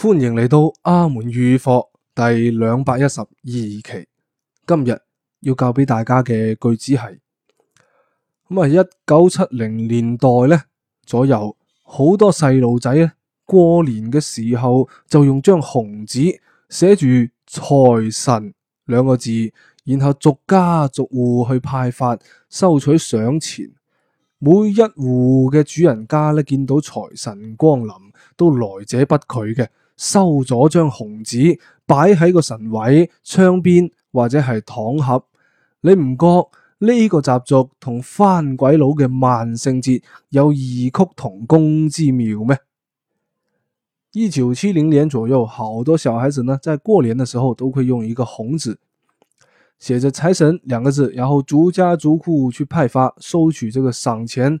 歡迎嚟到阿門粵語課第兩百一十二期。今日要教俾大家嘅句子係咁啊，一九七零年代咧左右，好多細路仔咧過年嘅時候就用張紅紙寫住財神兩個字，然後逐家逐戶去派發收取賞錢。每一戶嘅主人家咧見到財神光臨，都來者不拒嘅。收咗張紅紙擺喺個神位窗邊或者係糖盒，你唔覺呢個習俗同番鬼佬嘅萬聖節有異曲同工之妙咩？一九七零年左右，好多小孩子呢，在過年嘅時候都會用一個紅紙，寫着財神兩個字，然後逐家逐戶去派發收取這個賞錢。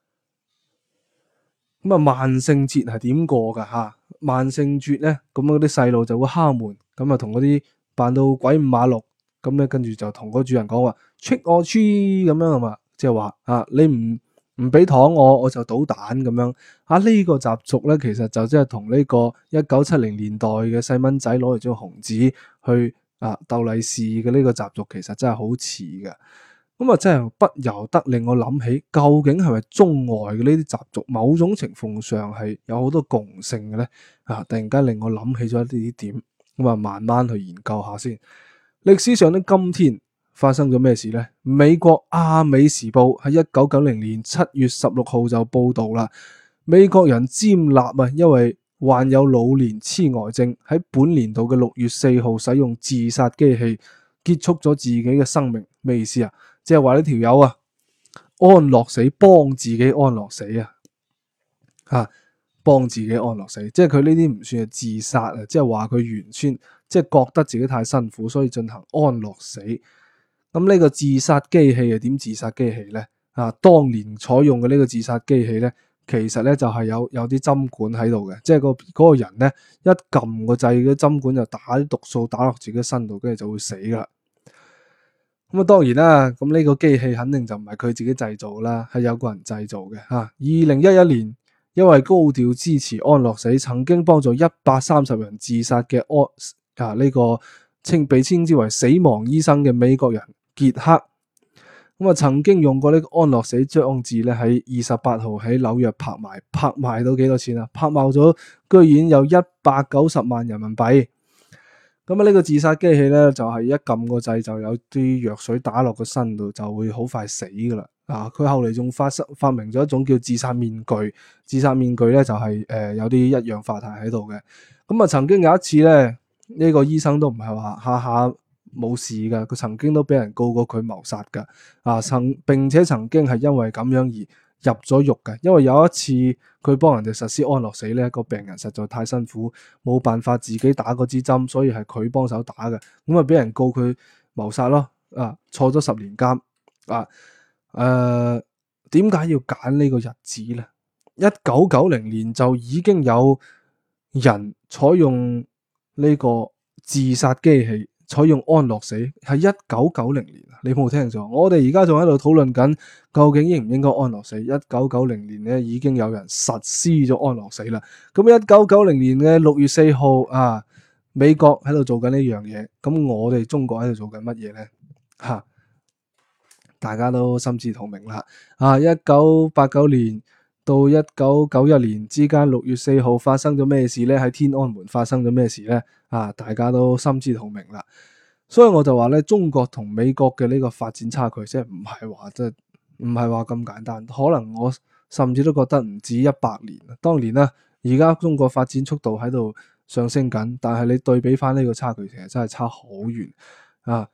咁啊，萬聖節係點過噶吓？萬聖節咧，咁嗰啲細路就會敲門，咁啊同嗰啲扮到鬼五馬六，咁咧跟住就同嗰個主人講話出我豬咁樣係嘛？即係話啊，你唔唔俾糖我，我就搗蛋咁樣。啊呢個習俗咧，其實就即係同呢個一九七零年代嘅細蚊仔攞嚟張紅紙去啊鬥利是嘅呢個習俗，其實真係好似噶。咁啊，就真係不由得令我諗起，究竟係咪中外嘅呢啲習俗，某種情況上係有好多共性嘅呢？啊，突然間令我諗起咗一啲點，咁啊，慢慢去研究下先。歷史上呢，今天發生咗咩事呢？美國《亞美時報》喺一九九零年七月十六號就報道啦，美國人尖立啊，因為患有老年痴呆症，喺本年度嘅六月四號使用自殺機器結束咗自己嘅生命，咩意思啊？即係話呢條友啊，安樂死幫自己安樂死啊，吓、啊、幫自己安樂死，即係佢呢啲唔算係自殺啊，即係話佢完全，即係覺得自己太辛苦，所以進行安樂死。咁、嗯、呢、呢個自殺機器係點自殺機器咧？啊，當年採用嘅呢個自殺機器咧，其實咧就係、是、有有啲針管喺度嘅，即係、嗰個嗰、嗰個人咧一撳個掣，嗰針管就打啲毒素打落自己身度，跟住就會死噶啦。咁啊，當然啦，咁、這、呢個機器肯定就唔係佢自己製造啦，係有個人製造嘅嚇。二零一一年，因為高調支持安樂死，曾經幫助一百三十人自殺嘅安啊呢個稱被稱之為死亡醫生嘅美國人傑克，咁啊曾經用過呢個安樂死裝置咧，喺二十八號喺紐約拍賣，拍賣到幾多錢啊？拍賣咗居然有一百九十萬人民幣。咁啊，呢個自殺機器咧，就係、是、一撳個掣，就有啲藥水打落個身度，就會好快死噶啦。啊，佢後嚟仲發失發明咗一種叫自殺面具。自殺面具咧就係、是、誒、呃、有啲一氧化碳喺度嘅。咁、嗯、啊，曾經有一次咧，呢、這個醫生都唔係話下下冇事噶，佢曾經都俾人告過佢謀殺噶。啊曾並且曾經係因為咁樣而。入咗獄嘅，因為有一次佢幫人哋實施安樂死咧，個病人實在太辛苦，冇辦法自己打嗰支針，所以係佢幫手打嘅，咁啊俾人告佢謀殺咯，啊，坐咗十年監，啊，誒、呃，點解要揀呢個日子咧？一九九零年就已經有人採用呢個自殺機器。採用安樂死係一九九零年，你冇聽錯，我哋而家仲喺度討論緊，究竟應唔應該安樂死？一九九零年咧已經有人實施咗安樂死啦。咁一九九零年嘅六月四號啊，美國喺度做緊呢樣嘢，咁我哋中國喺度做緊乜嘢呢？嚇、啊，大家都心知肚明啦。啊，一九八九年。到一九九一年之間六月四號發生咗咩事咧？喺天安門發生咗咩事咧？啊，大家都心知肚明啦。所以我就話咧，中國同美國嘅呢個發展差距，即係唔係話即係唔係話咁簡單。可能我甚至都覺得唔止一百年。當年啦，而家中國發展速度喺度上升緊，但係你對比翻呢個差距，其實真係差好遠。啊，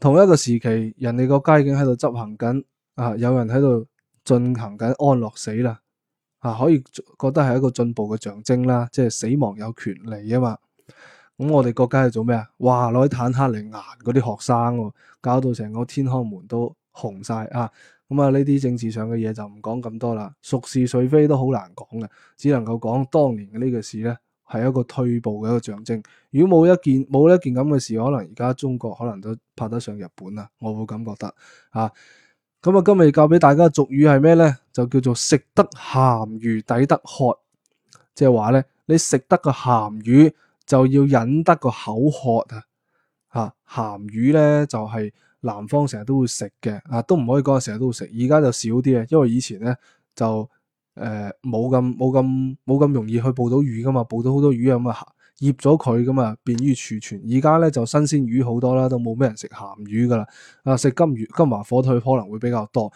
同一個時期，人哋個街景喺度執行緊，啊，有人喺度進行緊安樂死啦。啊，可以覺得係一個進步嘅象徵啦，即係死亡有權利啊嘛。咁、嗯、我哋國家係做咩啊？哇，攞啲坦克嚟壓嗰啲學生喎、啊，搞到成個天安門都紅晒。啊！咁、嗯、啊，呢啲政治上嘅嘢就唔講咁多啦，孰是誰非都好難講嘅，只能夠講當年嘅呢個事咧係一個退步嘅一個象徵。如果冇一件冇一件咁嘅事，可能而家中國可能都拍得上日本啊，我會咁覺得啊。咁啊，今日教俾大家嘅俗語係咩咧？就叫做食得鹹魚抵得渴，即係話咧，你食得個鹹魚就要忍得個口渴啊！嚇，鹹魚咧就係、是、南方成日都會食嘅，啊都唔可以講成日都會食，而家就少啲嘅，因為以前咧就誒冇咁冇咁冇咁容易去捕到魚噶嘛，捕到好多魚啊咁、嗯、啊～醃咗佢咁啊，便於儲存。而家咧就新鮮魚好多啦，都冇咩人食鹹魚噶啦。啊，食金魚、金華火腿可能會比較多。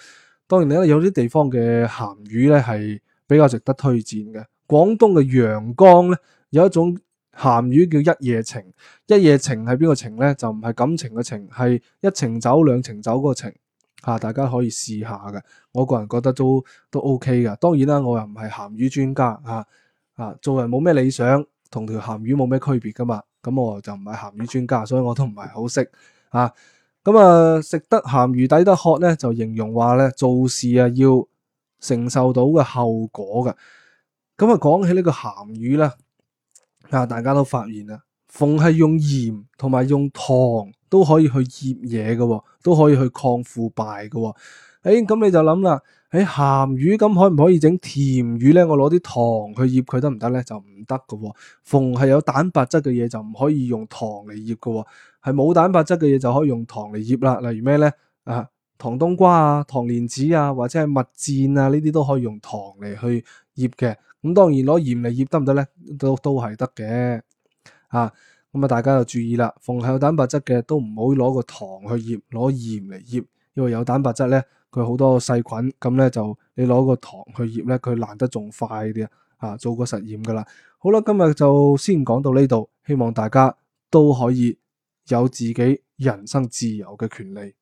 當然咧，有啲地方嘅鹹魚咧係比較值得推薦嘅。廣東嘅陽江咧有一種鹹魚叫一夜情，一夜情係邊個情咧？就唔係感情嘅情，係一情走兩情走嗰個情吓，大家可以試下嘅。我個人覺得都都 OK 嘅。當然啦，我又唔係鹹魚專家啊啊，做人冇咩理想。同條鹹魚冇咩區別噶嘛？咁我就唔係鹹魚專家，所以我都唔係好識啊。咁啊，食得鹹魚抵得渴咧，就形容話咧，做事啊要承受到嘅後果噶。咁啊，講起呢個鹹魚啦，啊，大家都發現啦，逢係用鹽同埋用糖都可以去醃嘢嘅，都可以去抗腐敗嘅哦。哎，咁你就諗啦，哎鹹魚咁可唔可以整甜魚咧？我攞啲糖去醃佢得唔得咧？就唔得噶，凡係有蛋白質嘅嘢就唔可以用糖嚟醃噶，係冇蛋白質嘅嘢就可以用糖嚟醃啦。例如咩咧？啊，糖冬瓜啊，糖蓮子啊，或者係蜜餞啊，呢啲都可以用糖嚟去醃嘅。咁、嗯、當然攞鹽嚟醃得唔得咧？都都係得嘅。啊，咁啊大家就注意啦，凡係有蛋白質嘅都唔好攞個糖去醃，攞鹽嚟醃。因為有蛋白質咧，佢好多細菌，咁咧就你攞個糖去腌咧，佢爛得仲快啲啊！啊，做個實驗噶啦。好啦，今日就先講到呢度，希望大家都可以有自己人生自由嘅權利。